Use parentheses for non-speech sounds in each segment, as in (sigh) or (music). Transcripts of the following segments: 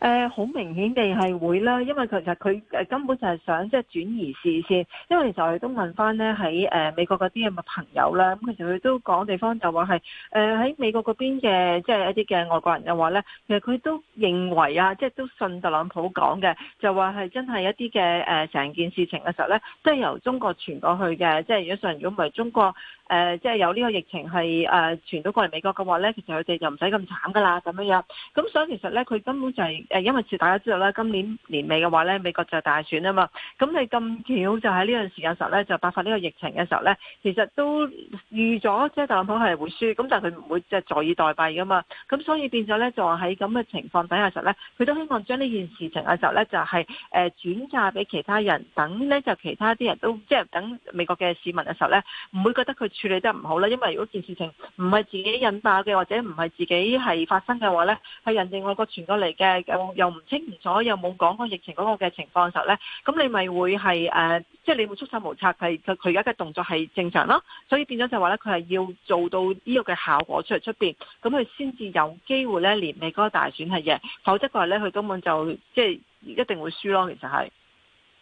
誒，好明顯地係會啦，因為其實佢誒根本就係想即係轉移視線，因為其實我哋都問翻咧喺誒美國嗰啲嘅朋友啦，咁其實佢都講地方就話係誒喺美國嗰邊嘅即係一啲嘅外國人嘅話咧，其實佢都認為啊，即係都信特朗普講嘅，就話係真係一啲嘅誒成件事情嘅時候咧，都係由中國傳過去嘅，即係如果上如果唔係中國誒即係有呢個疫情係誒傳到過嚟美國嘅話咧，其實佢哋就唔使咁慘噶啦，咁樣樣，咁所以其實咧佢根本就係。誒，因為大家知道咧，今年年尾嘅話咧，美國就大選啊嘛。咁你咁巧就喺呢段時間時候咧，就爆發呢個疫情嘅時候咧，其實都預咗，即係特朗普係會輸。咁但係佢唔會即係坐以待斃噶嘛。咁所以變咗咧，就喺咁嘅情況底下時候咧，佢都希望將呢件事情嘅時候咧，就係誒轉嫁俾其他人。等咧就其他啲人都即係等美國嘅市民嘅時候咧，唔會覺得佢處理得唔好啦。因為如果件事情唔係自己引爆嘅，或者唔係自己係發生嘅話咧，係人哋外國傳過嚟嘅。嗯、又唔清唔楚，又冇講過疫情嗰個嘅情況嘅時候呢，咁你咪會係誒，即、呃、係、就是、你會束手無策，係佢而家嘅動作係正常咯。所以變咗就話呢，佢係要做到呢個嘅效果出嚟出邊，咁佢先至有機會呢連你嗰個大選係贏，否則嘅話呢，佢根本就即係、就是、一定會輸咯。其實係。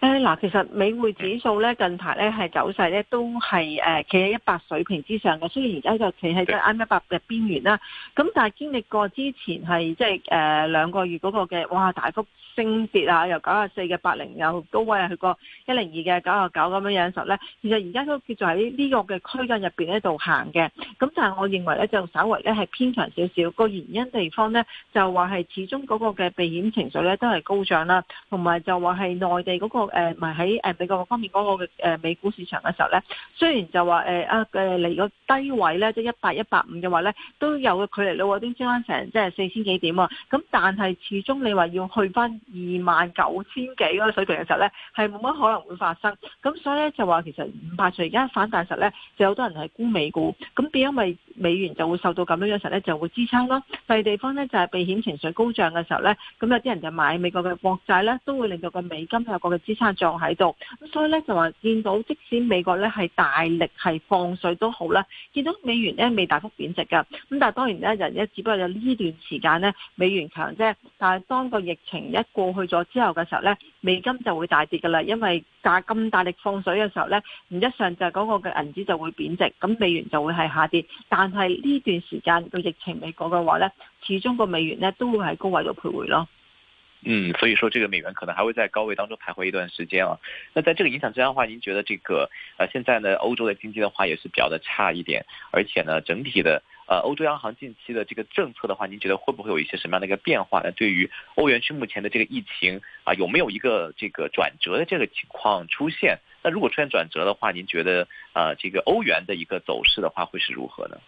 誒，嗱，其實美匯指數咧近排咧係走勢咧都係誒企喺一百水平之上嘅，雖然而家就企喺即係啱一百嘅邊緣啦，咁但係經歷過之前係即係誒兩個月嗰個嘅，哇，大幅升跌啊，由九十四嘅八零又高位，係去過一零二嘅九十九咁樣樣時候咧，其實而家都叫做喺呢個嘅區間入邊咧度行嘅。咁但係我認為咧就稍微咧係偏強少少。個原因地方咧就話係始終嗰個嘅避險情緒咧都係高漲啦，同埋就話係內地嗰個誒唔係喺誒美國方面嗰個誒美股市場嘅時候咧，雖然就話誒啊嘅，嚟個低位咧即係一百一百五嘅話咧都有嘅距離，你話點升翻成即係四千幾點啊？咁但係始終你話要去翻。二萬九千幾嗰個水平嘅時候咧，係冇乜可能會發生。咁所以咧就話其實五百上而家反彈實咧，就好多人係沽美股。咁變因為美元就會受到咁樣嘅時候咧，就會支撐咯。第二地方咧就係、是、避險情緒高漲嘅時候咧，咁有啲人就買美國嘅國債咧，都會令到個美金有個嘅支撐狀喺度。咁所以咧就話見到即使美國咧係大力係放水都好啦，見到美元咧未大幅貶值㗎。咁但係當然咧，人一，只不過有呢段時間咧，美元強啫。但係當個疫情一過去咗之後嘅時候呢，美金就會大跌噶啦，因為價咁大力放水嘅時候呢，唔一上就係嗰個嘅銀紙就會貶值，咁美元就會係下跌。但係呢段時間到疫情未過嘅話呢，始終個美元呢都會喺高位度徘徊咯。嗯，所以說，這個美元可能還會在高位當中徘徊一段時間啊。那在這個影響之下嘅話，您覺得這個啊，現在呢歐洲嘅經濟嘅話也是比較的差一點，而且呢整體的。呃，歐洲央行近期的這個政策的話，您覺得會不會有一些什麼樣的一個變化呢？對於歐元區目前的這個疫情啊，有沒有一個這個轉折的這個情況出現？那如果出現轉折的話，您覺得呃這個歐元的一個走勢的話會是如何呢？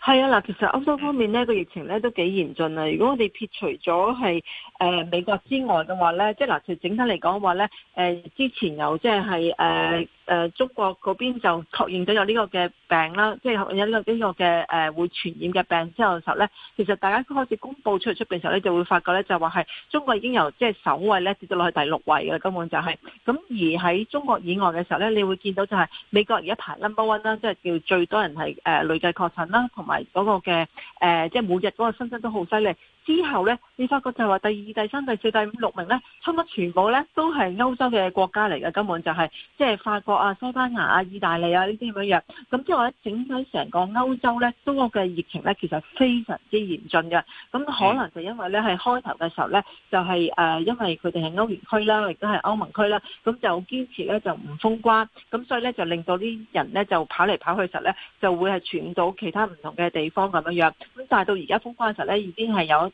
係啊，其實歐洲方面呢，呢個疫情呢都幾嚴峻啊。如果我哋撇除咗係誒美國之外嘅話呢即係，呃、嗱，其實整體嚟講嘅話呢誒，呃、之前有即係誒。呃啊誒、呃，中國嗰邊就確認咗有呢個嘅病啦，即係有呢個呢個嘅誒會傳染嘅病之後嘅時候咧，其實大家都開始公布出嚟出面時候咧，就會發覺咧就話係中國已經由即係首位咧跌咗落去第六位嘅，根本就係、是，咁而喺中國以外嘅時候咧，你會見到就係美國而家排 number one 啦，即係叫最多人係誒累計確診啦，同埋嗰個嘅誒、呃、即係每日嗰個新增都好犀利。之後呢，你發覺就係話第二、第三、第四、第五六名呢，差唔多全部呢都係歐洲嘅國家嚟嘅。根本就係、是、即係法國啊、西班牙啊、意大利啊呢啲咁樣。咁即係話呢，整體成個歐洲呢，中國嘅疫情呢，其實非常之嚴峻嘅。咁可能就因為呢係開頭嘅時候呢，就係、是、誒、呃、因為佢哋係歐元區啦，亦都係歐盟區啦，咁就堅持呢就唔封關，咁所以呢，就令到啲人呢，就跑嚟跑去時候呢，就會係傳到其他唔同嘅地方咁樣樣。咁但係到而家封關嘅時候呢，已經係有。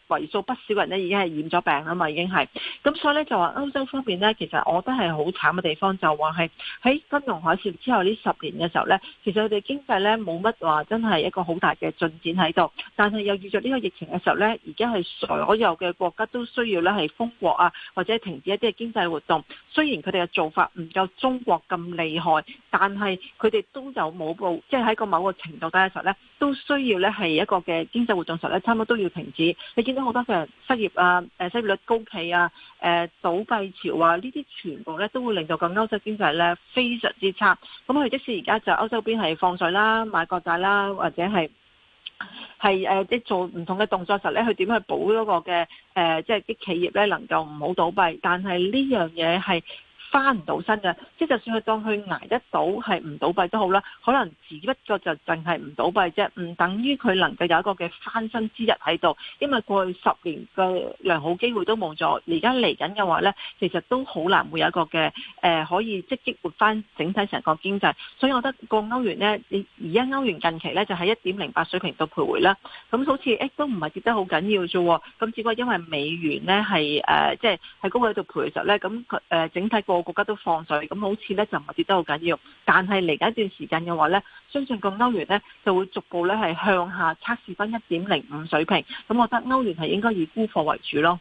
為數不少人咧，已經係染咗病啦嘛，已經係咁，所以咧就話歐洲方面呢，其實我覺得係好慘嘅地方，就話係喺金融海嘯之後呢十年嘅時候呢，其實佢哋經濟呢冇乜話真係一個好大嘅進展喺度，但係又遇著呢個疫情嘅時候呢，而家係所有嘅國家都需要呢係封國啊，或者停止一啲嘅經濟活動。雖然佢哋嘅做法唔夠中國咁厲害，但係佢哋都有冇報，即係喺個某個程度底嘅時候呢，都需要呢係一個嘅經濟活動時候呢，差唔多都要停止。你見到？好多嘅失業啊，誒失業率高企啊，誒、呃、倒閉潮啊，呢啲全部咧都會令到咁歐洲經濟咧非常之差。咁佢即使而家就歐洲邊係放水啦、買國債啦，或者係係誒啲做唔同嘅動作時候咧，佢點去保嗰個嘅誒、呃，即係啲企業咧能夠唔好倒閉？但係呢樣嘢係。翻唔到身嘅，即係就算佢當佢捱得到係唔倒閉都好啦，可能只不過就淨係唔倒閉啫，唔等於佢能夠有一個嘅翻身之日喺度，因為過去十年嘅良好機會都冇咗，而家嚟緊嘅話呢，其實都好難會有一個嘅誒、呃、可以積極活翻整體成個經濟，所以我覺得個歐元呢，而家歐元近期呢，就喺一點零八水平度徘徊啦，咁好似誒、欸、都唔係跌得好緊要啫喎，咁只不過因為美元呢係誒即係喺高位度徘徊實呢，咁佢誒整體個。國家都放水，咁好似呢就唔係跌得好緊要，但係嚟緊一段時間嘅話呢，相信個歐元呢就會逐步呢係向下測試分一點零五水平，咁我覺得歐元係應該以沽貨為主咯。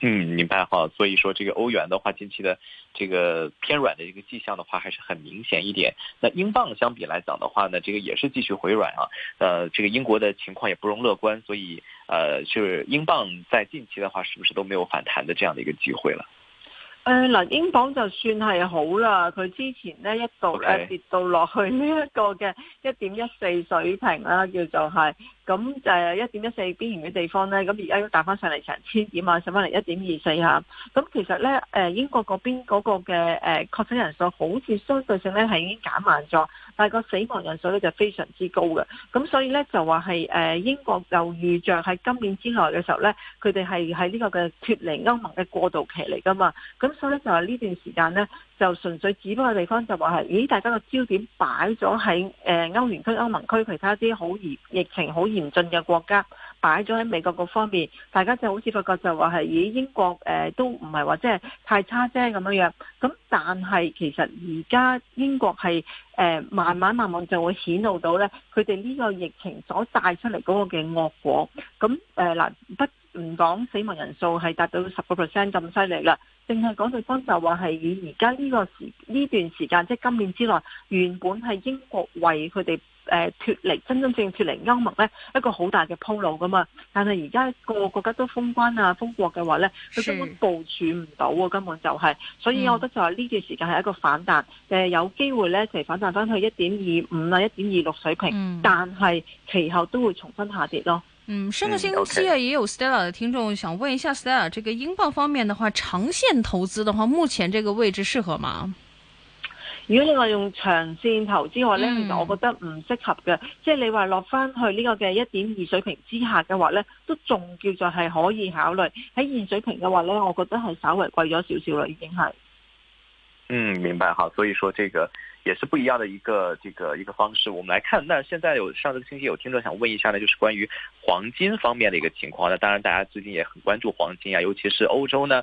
嗯，明白哈。所以說，這個歐元的話，近期的這個偏軟的一個跡象的話，還是很明顯一點。那英鎊相比來講的話呢，這個也是繼續回軟啊。呃，這個英國的情況也不容樂觀，所以呃，就是英鎊在近期的話，是不是都沒有反彈的這樣的一個機會了？誒嗱，英鎊就算係好啦，佢之前呢一度咧 Okay. 跌到落去呢一個嘅一點一四水平啦，叫做係咁就係一點一四邊緣嘅地方咧，咁而家都打翻上嚟成千點啊，上翻嚟一點二四嚇。咁其實咧，誒英國嗰邊嗰個嘅誒確診人數好似相對性咧係已經減慢咗，但係個死亡人數咧就非常之高嘅。咁所以咧就話係誒英國就預象喺今年之內嘅時候咧，佢哋係喺呢個嘅脫離歐盟嘅過渡期嚟㗎嘛，咁。所以咧就係呢段時間咧，就純粹只不過地方就話係，咦大家個焦點擺咗喺誒歐元區、歐盟區其他啲好嚴疫情好嚴峻嘅國家。擺咗喺美國嗰方面，大家就好似發覺就話係，咦英國誒、呃、都唔係話即係太差啫咁樣樣。咁但係其實而家英國係誒、呃、慢慢慢慢就會顯露到咧，佢哋呢個疫情所帶出嚟嗰個嘅惡果。咁誒嗱不唔講死亡人數係達到十個 percent 咁犀利啦，淨係講對方就話係以而家呢個時呢段時間即係今年之內，原本係英國為佢哋。誒，脫離真真正脫離歐盟咧，一個好大嘅鋪路噶嘛。但係而家個個國家都封關啊，封國嘅話咧，佢根本部署唔到啊，根本就係、是。所以我覺得就係呢段時間係一個反彈，誒、嗯呃，有機會咧，其實反彈翻去一點二五啦，一點二六水平。嗯、但係其後都會重新下跌咯。嗯，上個星期啊，也有 Stella 嘅聽眾想問一下 Stella，這個英鎊方面嘅話，長線投資嘅話，目前這個位置適合嗎？如果你話用長線投資嘅話呢，其實我覺得唔適合嘅。即係你話落翻去呢個嘅一點二水平之下嘅話呢，都仲叫做係可以考慮。喺現水平嘅話呢，我覺得係稍微貴咗少少啦，已經係。嗯，明白好。所以說，這個也是不一樣嘅一個這個一個方式。我們來看，但現在有上個星期有聽眾想問一下呢，就是關於黃金方面嘅一個情況呢。那當然大家最近也很關注黃金啊，尤其是歐洲呢。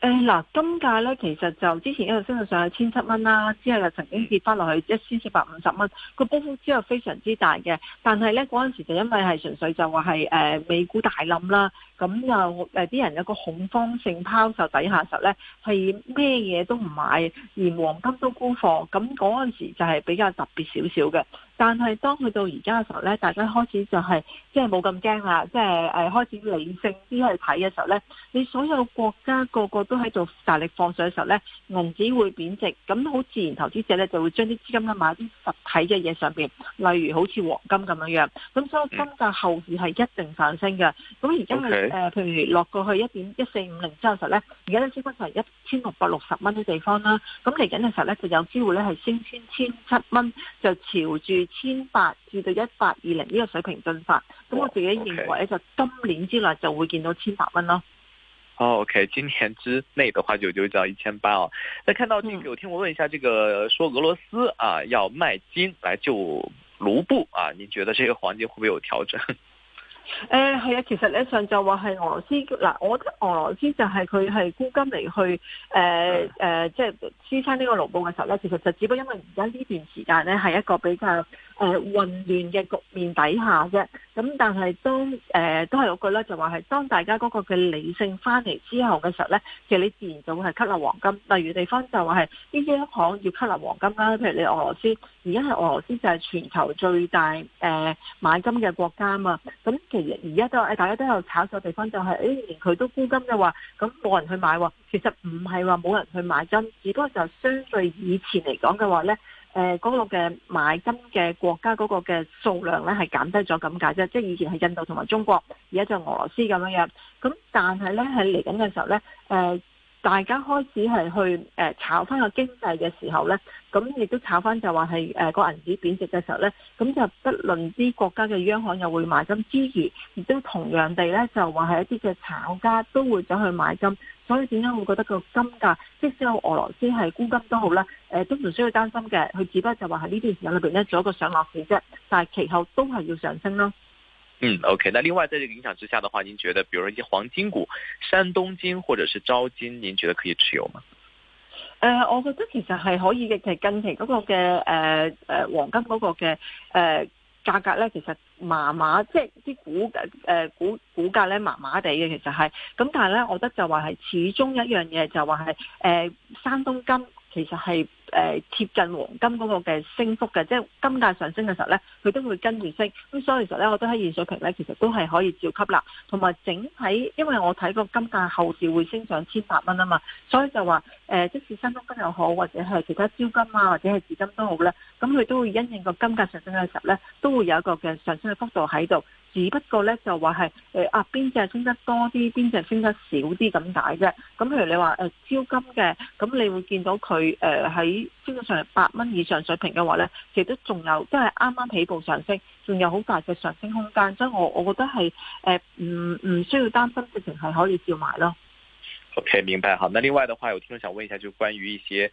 誒，嗱、啊，金價咧其實就之前一度升到上去千七蚊啦，之後又曾經跌翻落去一千四百五十蚊，個波幅之後非常之大嘅。但係咧嗰陣時就因為係純粹就話係誒美股大冧啦，咁又誒啲人有個恐慌性拋售底下嘅時候咧，係咩嘢都唔買，連黃金都沽貨，咁嗰陣時就係比較特別少少嘅。但係當去到而家嘅時候咧，大家開始就係即係冇咁驚啦，即係誒開始理性啲去睇嘅時候咧，你所有國家個，個個都喺度大力放水嘅時候咧，銀紙會貶值，咁好自然投資者咧就會將啲資金咧買啲實體嘅嘢上邊，例如好似黃金咁樣樣，咁所以金價後市係一定上升嘅。咁而家嘅誒，Okay. 譬如落過去一點一四五零之後時候咧，而家咧升翻就係一千六百六十蚊嘅地方啦。咁嚟緊嘅時候咧就有機會咧係升穿千七蚊，就朝住。千八至到一八二零呢個水平進發，咁我自己認為、oh, okay. 就今年之內就會見到千八蚊咯。哦，OK，今年之內的話就就到一千八哦。再看到、呢個，有聽我問一下，這個說俄羅斯啊要賣金來救盧布啊，你覺得這個黃金會不會有調整？誒，係啊、呃，其實咧上晝話係俄羅斯嗱、呃，我覺得俄羅斯就係佢係沽金嚟去誒誒，即係支撐呢個盧布嘅時候咧，其實就只不過因為而家呢段時間咧係一個比較。誒、呃，混亂嘅局面底下嘅，咁、嗯、但係都誒、呃，都係嗰句啦，就話係當大家嗰個嘅理性翻嚟之後嘅時候咧，其實你自然就會係吸納黃金。例如地方就話係啲央行要吸納黃金啦、啊，譬如你俄羅斯，而家係俄羅斯就係全球最大誒、呃、買金嘅國家嘛。咁其實而家都誒，大家都有炒咗地方、就是，就係誒，連佢都沽金嘅話，咁冇人去買、啊，其實唔係話冇人去買金，只不過就相對以前嚟講嘅話咧。誒嗰、呃，那個嘅買金嘅國家嗰個嘅數量咧係減低咗咁解啫，即係以前係印度同埋中國，而家就俄羅斯咁樣樣。咁但係咧喺嚟緊嘅時候咧，誒、呃。大家開始係去誒炒翻個經濟嘅時候呢，咁亦都炒翻就話係誒個銀紙貶值嘅時候呢，咁就不論啲國家嘅央行又會買金之餘，亦都同樣地呢就話係一啲嘅炒家都會走去買金，所以點解會覺得個金價即使有俄羅斯係沽金都好啦，誒都唔需要擔心嘅，佢只不過就話係呢段時間裏邊呢做一個上落市啫，但係其後都係要上升咯。嗯，OK，那另外，在這個影響之下的話，您覺得，比如一些黃金股，山東金或者是招金，您覺得可以持有嗎？誒、呃，我覺得其實係可以嘅，其實近期嗰個嘅誒誒黃金嗰個嘅誒、呃、價格咧，其實麻麻，即係啲股誒誒股股價咧麻麻地嘅，其實係，咁但係咧，我覺得就話係始終一樣嘢、就是，就話係誒山東金。其實係誒、呃、貼近黃金嗰個嘅升幅嘅，即、就、係、是、金價上升嘅時候咧，佢都會跟住升。咁所以其實咧，我覺得喺現水平咧，其實都係可以照吸啦。同埋整體，因為我睇個金價後市會升上千八蚊啊嘛，所以就話誒、呃，即使新中金又好，或者係其他招金啊，或者係紫金都好咧，咁佢都會因應個金價上升嘅時候咧，都會有一個嘅上升嘅幅度喺度。只不過咧就話係誒啊邊隻升得多啲，邊隻升得少啲咁解啫。咁譬如你話誒招金嘅，咁、呃、你會見到佢誒喺基本上係八蚊以上水平嘅話咧，其實都仲有即係啱啱起步上升，仲有好大嘅上升空間。所以我我覺得係誒唔唔需要擔心，直情係可以照買咯。OK，明白。好，那另外的話，有聽眾想問一下，就關於一些。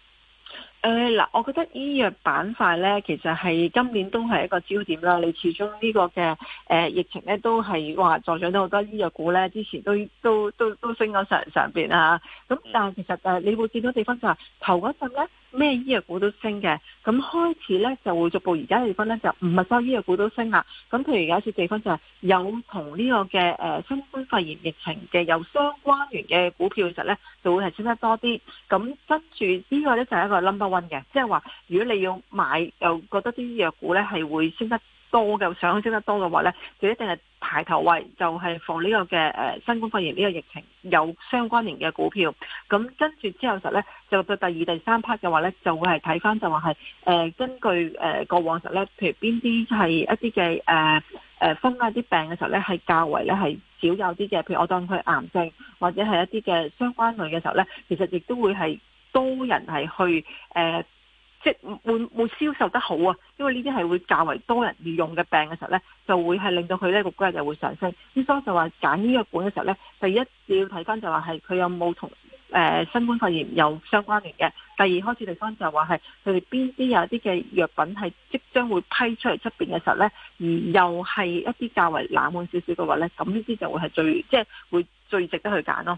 誒，嗱、uh，我覺得醫藥板塊咧，其實係今年都係一個焦點啦。你始終呢個嘅誒、呃、疫情咧，都係話助長到好多醫藥股咧。之前都都都都升咗上升上邊啊。咁但係其實誒、啊，你會見到地方就係頭嗰陣咧。咩醫藥股都升嘅，咁開始咧就會逐步，而家嘅地方咧就唔係所有醫藥股都升啦，咁譬如有一次地方就係有同呢個嘅誒、呃、新冠肺炎疫情嘅有相關聯嘅股票其實咧，就會係升得多啲。咁跟住呢個咧就係一個 number one 嘅，即係話如果你要買又覺得啲醫藥股咧係會升得。多嘅上升得多嘅話咧，就一定係排頭位，就係、是、防呢個嘅誒、呃、新冠肺炎呢個疫情有相關聯嘅股票。咁、嗯、跟住之後時咧，就到第二、第三 part 嘅話咧，就會係睇返就話係誒根據誒、呃、過往時咧，譬如邊啲係一啲嘅誒誒分類啲病嘅時候咧，係較為咧係少有啲嘅，譬如我當佢癌症或者係一啲嘅相關類嘅時候咧，其實亦都會係多人係去誒。呃即係會會銷售得好啊，因為呢啲係會較為多人要用嘅病嘅時候咧，就會係令到佢呢個股價就會上升。咁所以就話揀呢個股嘅時候咧，第一要睇翻就話係佢有冇同誒新冠肺炎有相關聯嘅；第二開始地方就話係佢哋邊啲有啲嘅藥品係即將會批出嚟出邊嘅時候咧，而又係一啲較為冷門少少嘅話咧，咁呢啲就會係最即係會最值得去揀咯。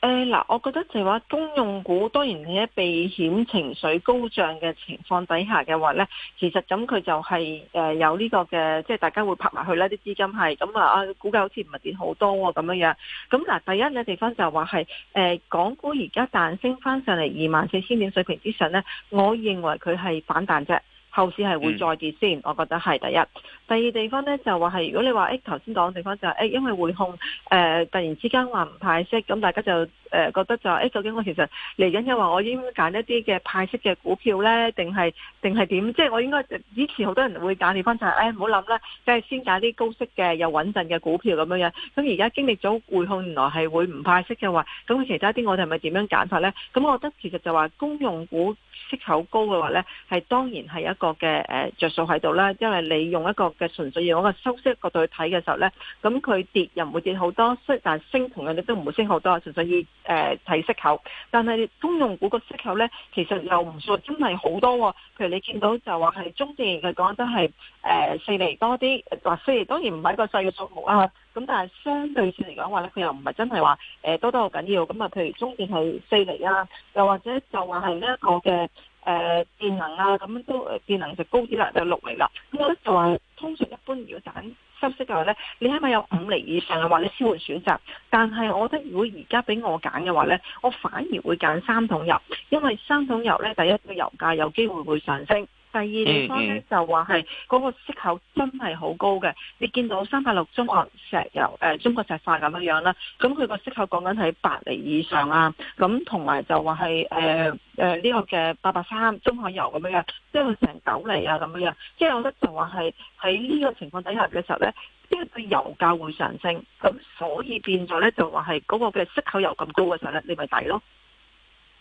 誒，嗱、呃，我覺得就係話公用股，當然喺避險情緒高漲嘅情況底下嘅話呢，其實咁佢就係誒有呢個嘅，即係大家會拍埋去啦，啲資金係咁啊，啊股價好似唔係跌好多咁、哦、樣樣。咁、啊、嗱，第一嘅地方就係話係，誒、呃，港股而家彈升翻上嚟二萬四千點水平之上呢，我認為佢係反彈啫。後市係會再跌先，我覺得係第一。第二地方呢，就話係，如果你話誒頭先講嘅地方就係、是、誒、哎，因為匯控誒、呃、突然之間話唔派息，咁大家就。誒、呃、覺得就話，誒、欸、究竟我其實嚟緊嘅話，我應唔應揀一啲嘅派息嘅股票咧？定係定係點？即係我應該，就是、我應該以前好多人會揀你翻晒。係，唔好諗啦，即係先揀啲高息嘅又穩陣嘅股票咁樣樣。咁而家經歷咗匯控，原來係會唔派息嘅話，咁其他啲我哋係咪點樣揀法咧？咁我覺得其實就話公用股息口高嘅話咧，係當然係一個嘅誒、呃、著數喺度啦。因為你用一個嘅純粹要嗰個收息角度去睇嘅時候咧，咁佢跌又唔會跌好多，息但係升同樣你都唔會升好多，純粹以。誒睇、呃、息口，但係通用股個息口咧，其實又唔算，真係好多、哦，譬如你見到就話係中電嚟講，真係誒四厘多啲，話四厘當然唔係一個細嘅數目啊，咁但係相對性嚟講話咧，佢又唔係真係話誒多多好緊要，咁啊譬如中電係四厘啊，又或者就話係呢一個嘅誒電能啊，咁樣都電能就高啲啦，就六厘啦，咁我咧就話通常一般如果等。收息嘅話咧，你係咪有五厘以上嘅話，你先會選擇。但係，我覺得如果而家俾我揀嘅話咧，我反而會揀三桶油，因為三桶油咧，第一個油價有機會會上升。第二地方咧，mm hmm. 就話係嗰個息口真係好高嘅，你見到三百六中國石油誒、呃，中國石化咁樣樣啦，咁佢個息口講緊喺八厘以上啊，咁同埋就話係誒誒呢個嘅八百三中海油咁樣樣，即係佢成九厘啊咁樣樣，即係我覺得就話係喺呢個情況底下嘅時候咧，呢，這個嘅油價會上升，咁所以變咗咧就話係嗰個嘅息口又咁高嘅時候咧，你咪抵咯。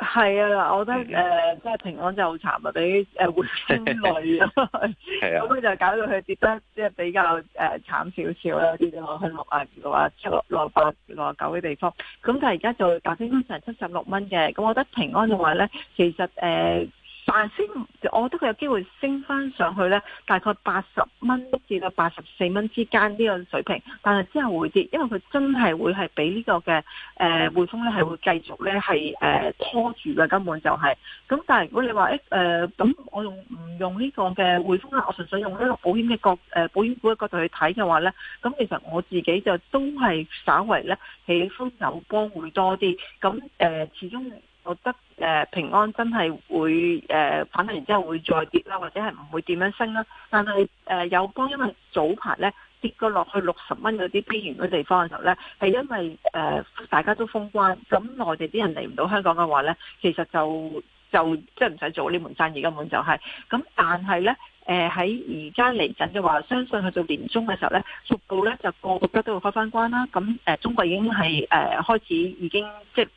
係啊，我覺得誒，即、呃、係平安就好慘啊，俾誒、呃、活生累，咁佢 (laughs) 的 (laughs) 就搞到佢跌得即係比較誒慘少少啦，跌、呃、落、啊、去六啊六啊七六六八六啊九嘅地方。咁但係而家就打穿成七十六蚊嘅。咁我覺得平安嘅話咧，其實誒。呃但係升，就我覺得佢有機會升翻上去咧，大概八十蚊至到八十四蚊之間呢個水平。但係之後會跌，因為佢真係會係俾呢個嘅誒匯豐咧，係、呃、會繼續咧係誒拖住嘅根本就係、是。咁但係如果你話誒誒，咁、欸呃、我用唔用呢個嘅匯豐咧？我純粹用呢個保險嘅角誒、呃、保險股嘅角度去睇嘅話咧，咁其實我自己就都係稍為咧喜歡友邦會多啲。咁誒、呃，始終。覺得誒平安真係會誒、呃、反彈，然之後會再跌啦，或者係唔會點樣升啦。但係誒友邦，因為早排咧跌個落去六十蚊嗰啲邊緣嘅地方嘅時候咧，係因為誒、呃、大家都封關，咁內地啲人嚟唔到香港嘅話咧，其實就就即係唔使做呢門生意，根本就係、是。咁但係咧誒喺而家嚟緊嘅話，相信去到年中嘅時候咧，逐步咧就個個都都會開翻關啦。咁誒、呃、中國已經係誒、呃、開始已經即係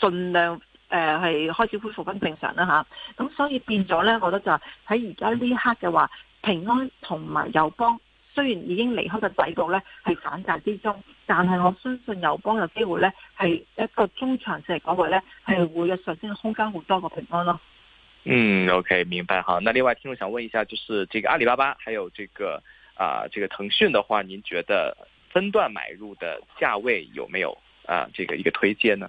盡量。誒，係開始恢復返正常啦吓，咁所以變咗咧，我覺得就喺而家呢一刻嘅話，平安同埋友邦雖然已經離開個底局咧，係反彈之中，但係我相信友邦有機會咧，係一個中長線嚟講，話咧係會有上升嘅空間，好多過平安咯。嗯，OK，明白哈。那另外聽眾想問一下，就是這個阿里巴巴，還有這個啊，這個騰訊的話，您覺得分段買入嘅價位有沒有啊，這個一個推薦呢？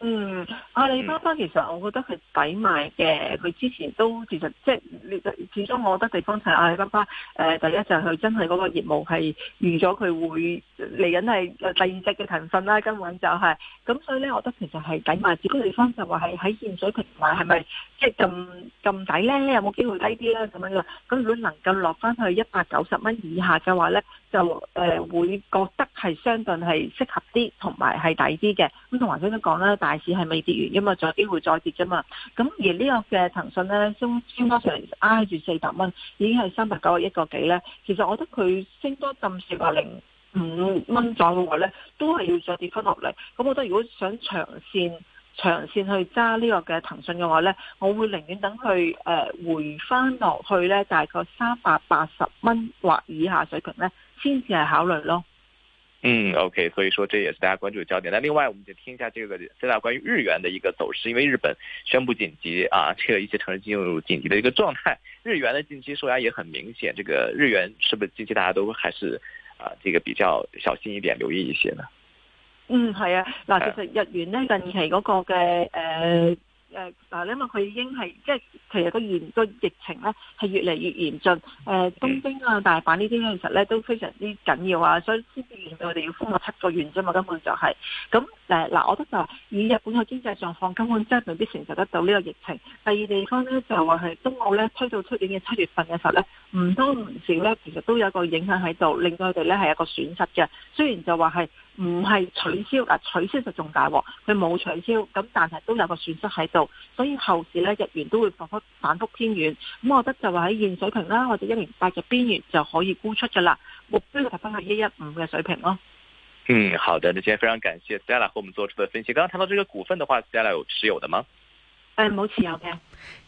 嗯，阿里巴巴其實我覺得佢抵賣買嘅，佢之前都其實即係你始終我覺得地方係阿里巴巴誒、呃，第一就係佢真係嗰個業務係預咗佢會嚟緊係第二隻嘅騰訊啦，根本就係、是、咁，所以咧我覺得其實係抵買，只不過地方就話係喺現水平買係咪即係咁咁抵咧？有冇機會低啲咧咁樣啦？咁如果能夠落翻去一百九十蚊以下嘅話咧，就誒、呃、會覺得係相對係適合啲，同埋係抵啲嘅。咁同黃生都講啦，大市係未跌完，因為仲有機會再跌啫嘛。咁而呢個嘅騰訊咧，升升多成挨住四百蚊，已經係三百九十一個幾咧。其實我覺得佢升多咁少四百零五蚊左右嘅話咧，都係要再跌翻落嚟。咁我覺得如果想長線長線去揸呢個嘅騰訊嘅話咧，我會寧願等佢誒回翻落去咧，大概三百八十蚊或以下水平咧。先至係考慮咯。嗯，OK，所以說這也是大家關注的焦點。但另外，我們就聽一下這個，即係關於日元的一個走勢，因為日本宣布緊急啊，這個一些城市進入緊急的一個狀態，日元的近期受壓也很明顯。這個日元是不是近期大家都還是啊，這個比較小心一點，留意一些呢？嗯，係啊，嗱，其實日元呢，近期嗰個嘅誒。呃誒嗱，因為佢已經係即係，其實個嚴個疫情咧係越嚟越嚴峻。誒東京啊、大阪呢啲咧，其實咧都非常之緊要啊，所以先至我哋要封個七個月啫嘛，根本就係咁誒嗱。我覺得就話以日本嘅經濟狀況，根本真係未必承受得到呢個疫情。第二地方咧就話係東奧咧，推到出年嘅七月份嘅時候咧。唔多唔少咧，其實都有一個影響喺度，令到佢哋咧係有個損失嘅。雖然就話係唔係取消，嗱取消就仲大鑊，佢冇取消，咁但係都有個損失喺度，所以後市咧日元都會反覆反覆偏軟。咁我覺得就話喺現水平啦，啊，或者一零八嘅邊緣就可以沽出噶啦，目標就係翻去一一五嘅水平咯，啊。嗯，好的，呢今非常感謝 Stella 和我們做出嘅分析。剛剛談到這個股份的話，Stella 有持有的嗎？誒、嗯，冇持有嘅。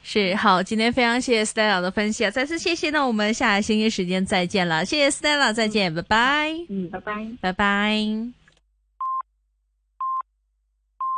是好，今天非常謝謝 Stella 的分析啊，再次謝謝，那我們下個星期時間再見了。謝謝 Stella，再見，嗯，拜拜，嗯，拜拜，拜拜。